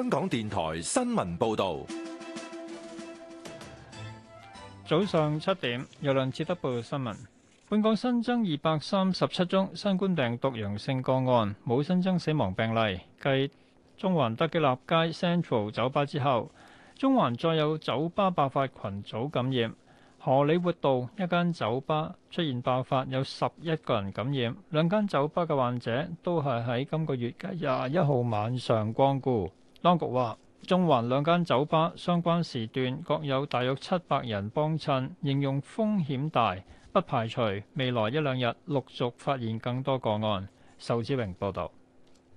香港電台新聞報道，早上七點，有兩次得報道新聞。本港新增二百三十七宗新冠病毒陽性個案，冇新增死亡病例。繼中環德己立街 Central 酒吧之後，中環再有酒吧爆發群組感染。荷里活道一間酒吧出現爆發，有十一個人感染。兩間酒吧嘅患者都係喺今個月嘅廿一號晚上光顧。當局話，中環兩間酒吧相關時段各有大約七百人幫襯，形容風險大，不排除未來一兩日陸續發現更多個案。仇志榮報導。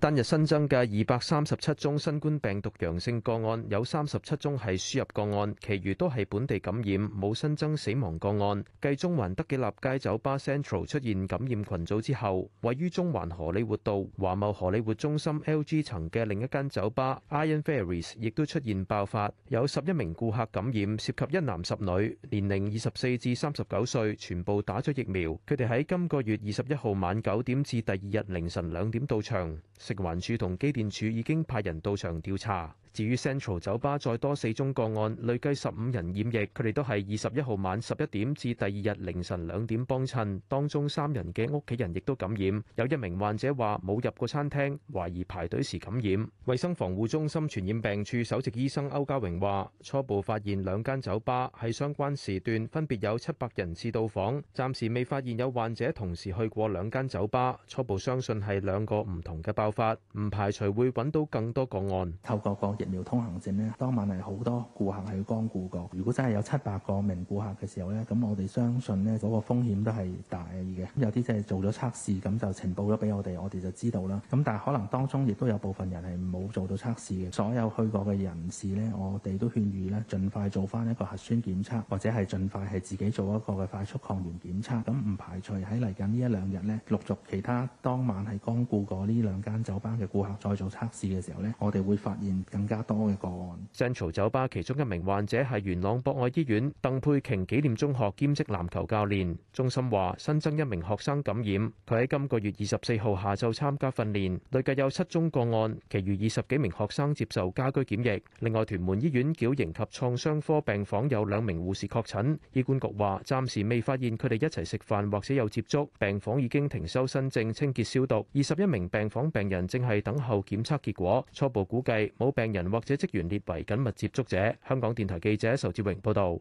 單日新增嘅二百三十七宗新冠病毒陽性個案，有三十七宗係輸入個案，其餘都係本地感染，冇新增死亡個案。繼中環德己立街酒吧 Central 出現感染群組之後，位於中環荷里活道華茂荷里活中心 LG 層嘅另一間酒吧 Iron Fairies 亦都出現爆發，有十一名顧客感染，涉及一男十女，年齡二十四至三十九歲，全部打咗疫苗。佢哋喺今個月二十一號晚九點至第二日凌晨兩點到場。食環署同機電署已經派人到場調查。至於 Central 酒吧再多四宗個案，累計十五人染疫，佢哋都係二十一號晚十一點至第二日凌晨兩點幫襯，當中三人嘅屋企人亦都感染。有一名患者話冇入過餐廳，懷疑排隊時感染。衞生防護中心傳染病處首席醫生歐家榮話：初步發現兩間酒吧喺相關時段分別有七百人次到訪，暫時未發現有患者同時去過兩間酒吧，初步相信係兩個唔同嘅爆發，唔排除會揾到更多個案。透過過疫苗通行證咧，當晚係好多顧客係去光顧過。如果真係有七八個名顧客嘅時候咧，咁我哋相信咧嗰個風險都係大嘅。有啲即係做咗測試，咁就呈報咗俾我哋，我哋就知道啦。咁但係可能當中亦都有部分人係冇做到測試嘅。所有去過嘅人士咧，我哋都勸喻咧，盡快做翻一個核酸檢測，或者係盡快係自己做一個嘅快速抗原檢測。咁唔排除喺嚟緊呢一兩日咧，陸續其他當晚係光顧過呢兩間酒吧嘅顧客再做測試嘅時候咧，我哋會發現更加多嘅個案。Central 酒吧其中一名患者係元朗博愛醫院鄧佩瓊紀念中學兼職籃球教練。中心話新增一名學生感染，佢喺今個月二十四號下晝參加訓練。累計有七宗個案，其餘二十幾名學生接受家居檢疫。另外，屯門醫院矯形及創傷科病房有兩名護士確診。醫管局話暫時未發現佢哋一齊食飯或者有接觸，病房已經停收新症、清潔消毒。二十一名病房病人正係等候檢測結果，初步估計冇病人。或者職員列為緊密接觸者。香港電台記者仇志榮報導。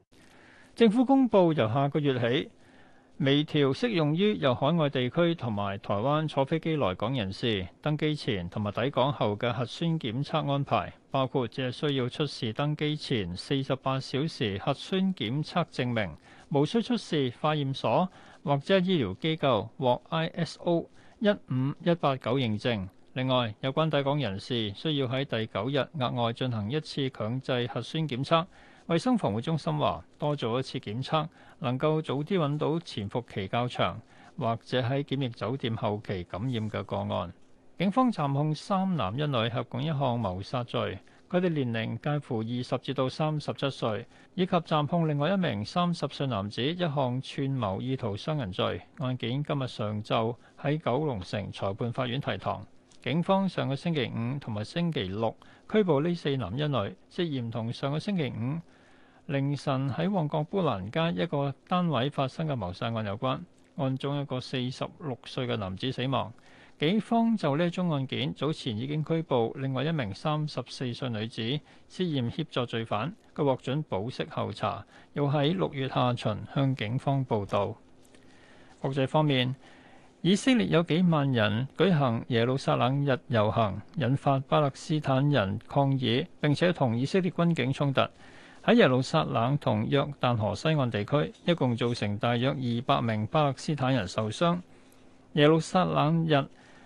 政府公布由下個月起，微調適用於由海外地區同埋台灣坐飛機來港人士登機前同埋抵港後嘅核酸檢測安排，包括只係需要出示登機前四十八小時核酸檢測證明，無需出示化驗所或者醫療機構獲 ISO 一五一八九認證。另外，有關抵港人士需要喺第九日額外進行一次強制核酸檢測。衞生防護中心話，多做一次檢測能夠早啲揾到潛伏期較長或者喺檢疫酒店後期感染嘅個案。警方暫控三男一女合共一項謀殺罪，佢哋年齡介乎二十至到三十七歲，以及暫控另外一名三十歲男子一項串謀意圖傷人罪。案件今日上晝喺九龍城裁判法院提堂。警方上個星期五同埋星期六拘捕呢四男一女，涉嫌同上個星期五凌晨喺旺角砵蘭街一個單位發生嘅謀殺案有關。案中一個四十六歲嘅男子死亡。警方就呢宗案件早前已經拘捕另外一名三十四歲女子，涉嫌協助罪犯，佢獲准保釋候查，又喺六月下旬向警方報道。國際方面。以色列有幾萬人舉行耶路撒冷日遊行，引發巴勒斯坦人抗議，並且同以色列軍警衝突。喺耶路撒冷同約旦河西岸地區，一共造成大約二百名巴勒斯坦人受傷。耶路撒冷日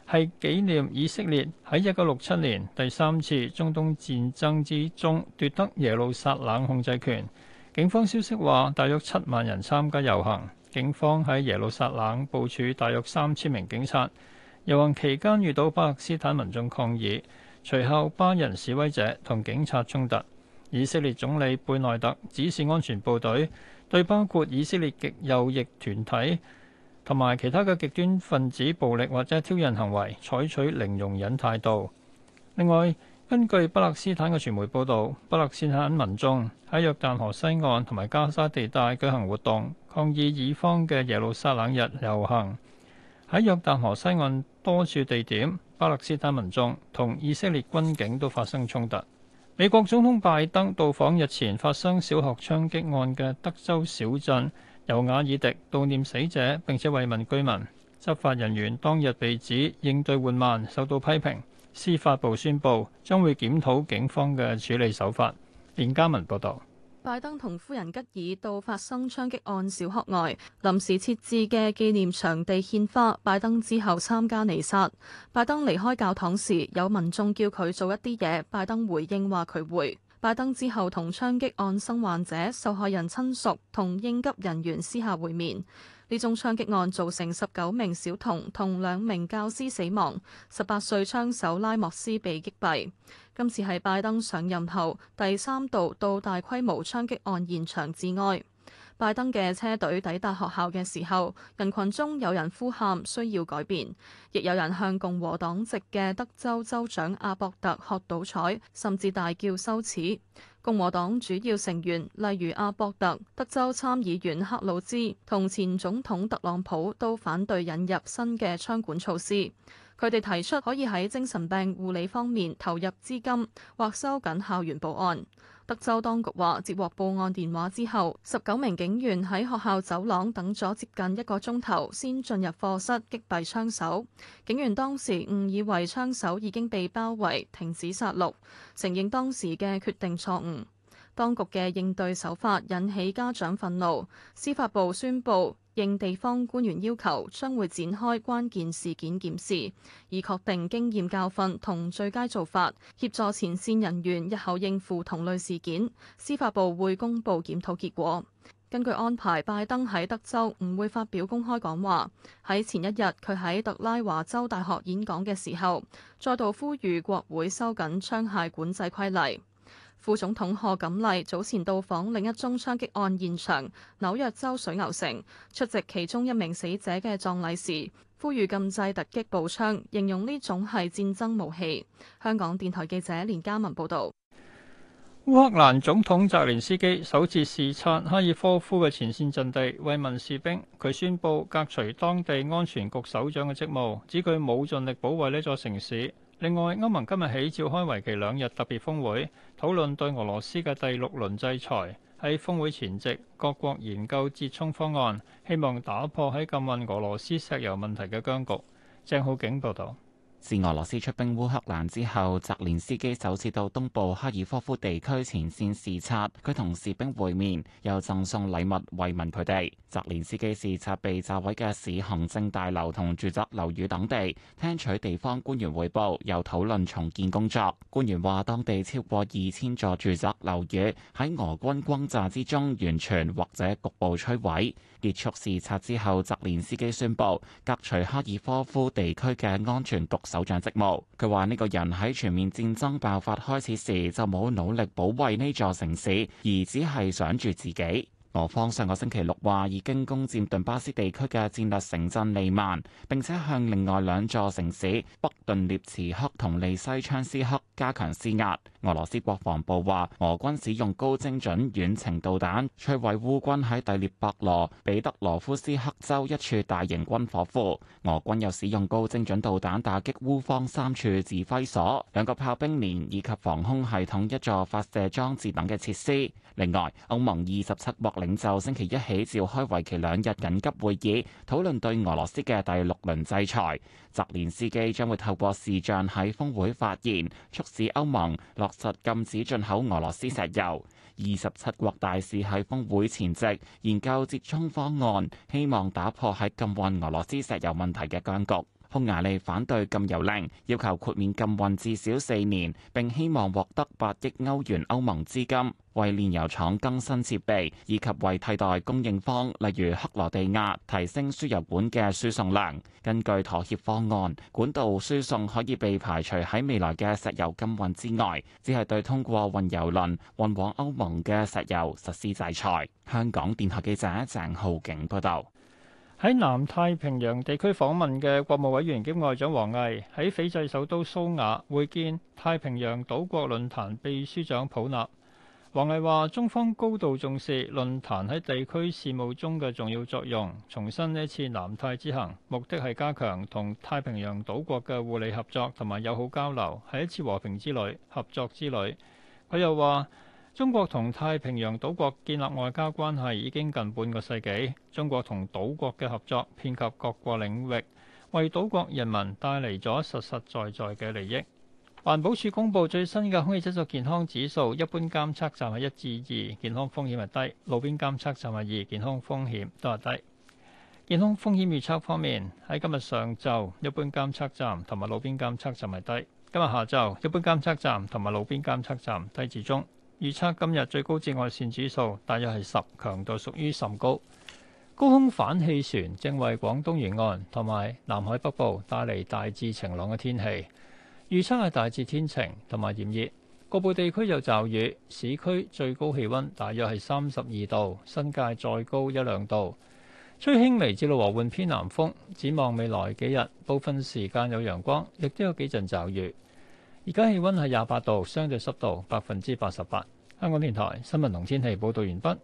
係紀念以色列喺一九六七年第三次中東戰爭之中奪得耶路撒冷控制權。警方消息話，大約七萬人參加遊行。警方喺耶路撒冷部署大約三千名警察。遊行期間遇到巴勒斯坦民眾抗議，隨後巴人示威者同警察衝突。以色列總理貝內特指示安全部隊對包括以色列極右翼團體同埋其他嘅極端分子暴力或者挑釁行為採取零容忍態度。另外，根據巴勒斯坦嘅傳媒報導，巴勒斯坦民眾喺約旦河西岸同埋加沙地帶舉行活動，抗議以方嘅耶路撒冷日遊行。喺約旦河西岸多處地點，巴勒斯坦民眾同以色列軍警都發生衝突。美國總統拜登到訪日前發生小學槍擊案嘅德州小鎮尤瓦爾迪，悼念死者並且慰問居民。執法人員當日被指應對緩慢，受到批評。司法部宣布將會檢討警方嘅處理手法。連家文報道，拜登同夫人吉爾到發生槍擊案小學外臨時設置嘅紀念場地獻花。拜登之後參加彌撒。拜登離開教堂時，有民眾叫佢做一啲嘢，拜登回應話佢會。拜登之後同槍擊案生患者、受害人親屬同應急人員私下會面。呢宗槍擊案造成十九名小童同兩名教師死亡，十八歲槍手拉莫斯被擊斃。今次係拜登上任後第三度到大規模槍擊案現場致哀。拜登嘅車隊抵達學校嘅時候，人群中有人呼喊需要改變，亦有人向共和黨籍嘅德州州長阿博特喝倒彩，甚至大叫羞恥。共和黨主要成員，例如阿博特、德州參議員克魯茲同前總統特朗普，都反對引入新嘅槍管措施。佢哋提出可以喺精神病護理方面投入資金，或收緊校園保安。德州當局話接獲報案電話之後，十九名警員喺學校走廊等咗接近一個鐘頭，先進入課室擊斃槍手。警員當時誤以為槍手已經被包圍，停止殺戮，承認當時嘅決定錯誤。當局嘅應對手法引起家長憤怒，司法部宣布，應地方官員要求，將會展開關鍵事件檢視，以確定經驗教訓同最佳做法，協助前線人員日後應付同類事件。司法部會公布檢討結果。根據安排，拜登喺德州唔會發表公開講話。喺前一日，佢喺特拉華州大學演講嘅時候，再度呼籲國會收緊槍械管制規例。副總統賀錦麗早前到訪另一宗槍擊案現場紐約州水牛城，出席其中一名死者嘅葬禮時，呼籲禁製突擊步槍，形容呢種係戰爭武器。香港電台記者連嘉文報道：烏克蘭總統澤連斯基首次視察哈爾科夫嘅前線陣地，慰問士兵。佢宣布革除當地安全局首長嘅職務，指佢冇盡力保衛呢座城市。另外，歐盟今日起召開為期兩日特別峰會，討論對俄羅斯嘅第六輪制裁。喺峰會前夕，各國研究折衷方案，希望打破喺禁運俄羅斯石油問題嘅僵局。鄭浩景報道。自俄羅斯出兵烏克蘭之後，澤連斯基首次到東部哈爾科夫地區前線視察，佢同士兵會面，又贈送禮物慰問佢哋。澤連斯基視察被炸毀嘅市行政大樓同住宅樓宇等地，聽取地方官員彙報，又討論重建工作。官員話，當地超過二千座住宅樓宇喺俄軍轟炸之中完全或者局部摧毀。結束視察之後，澤連斯基宣布隔除哈爾科夫地區嘅安全局。首長職務，佢話呢個人喺全面戰爭爆發開始時，就冇努力保衛呢座城市，而只係想住自己。俄方上個星期六話已經攻佔頓巴斯地區嘅戰略城鎮利曼，並且向另外兩座城市北頓涅茨克同利西昌斯克加強施壓。俄羅斯國防部話，俄軍使用高精準遠程導彈摧毀烏軍喺第涅伯羅彼得羅夫斯克州一處大型軍火庫。俄軍又使用高精準導彈打擊烏方三處指揮所、兩個炮兵連以及防空系統一座發射裝置等嘅設施。另外，歐盟二十七國領袖星期一起召開為期兩日緊急會議，討論對俄羅斯嘅第六輪制裁。澤連斯基將會透過視像喺峰會發言，促使歐盟落實禁止進口俄羅斯石油。二十七國大使喺峰會前夕研究折中方案，希望打破喺禁運俄羅斯石油問題嘅僵局。匈牙利反對禁油令，要求豁免禁運至少四年並希望獲得喺南太平洋地區訪問嘅國務委員兼外長王毅喺斐濟首都蘇瓦會見太平洋島國論壇秘書長普納。王毅話：中方高度重視論壇喺地區事務中嘅重要作用，重申呢次南太之行目的係加強同太平洋島國嘅互利合作同埋友好交流，係一次和平之旅、合作之旅。佢又話：中國同太平洋島國建立外交關係已經近半個世紀。中國同島國嘅合作遍及各個領域，為島國人民帶嚟咗實實在在嘅利益。環保署公布最新嘅空氣質素健康指數，一般監測站係一至二，健康風險係低；路邊監測站係二，健康風險都係低。健康風險預測方面，喺今日上晝，一般監測站同埋路邊監測站係低；今日下晝，一般監測站同埋路邊監測站低至中。預測今日最高紫外線指數大約係十，強度屬於甚高。高空反氣旋正為廣東沿岸同埋南海北部帶嚟大致晴朗嘅天氣，預測係大致天晴同埋炎熱。局部地區有驟雨，市區最高氣溫大約係三十二度，新界再高一兩度。吹輕微至到和緩偏南風，展望未來幾日，部分時間有陽光，亦都有幾陣驟雨。而家氣溫係廿八度，相對濕度百分之八十八。香港電台新聞同天氣報導完畢。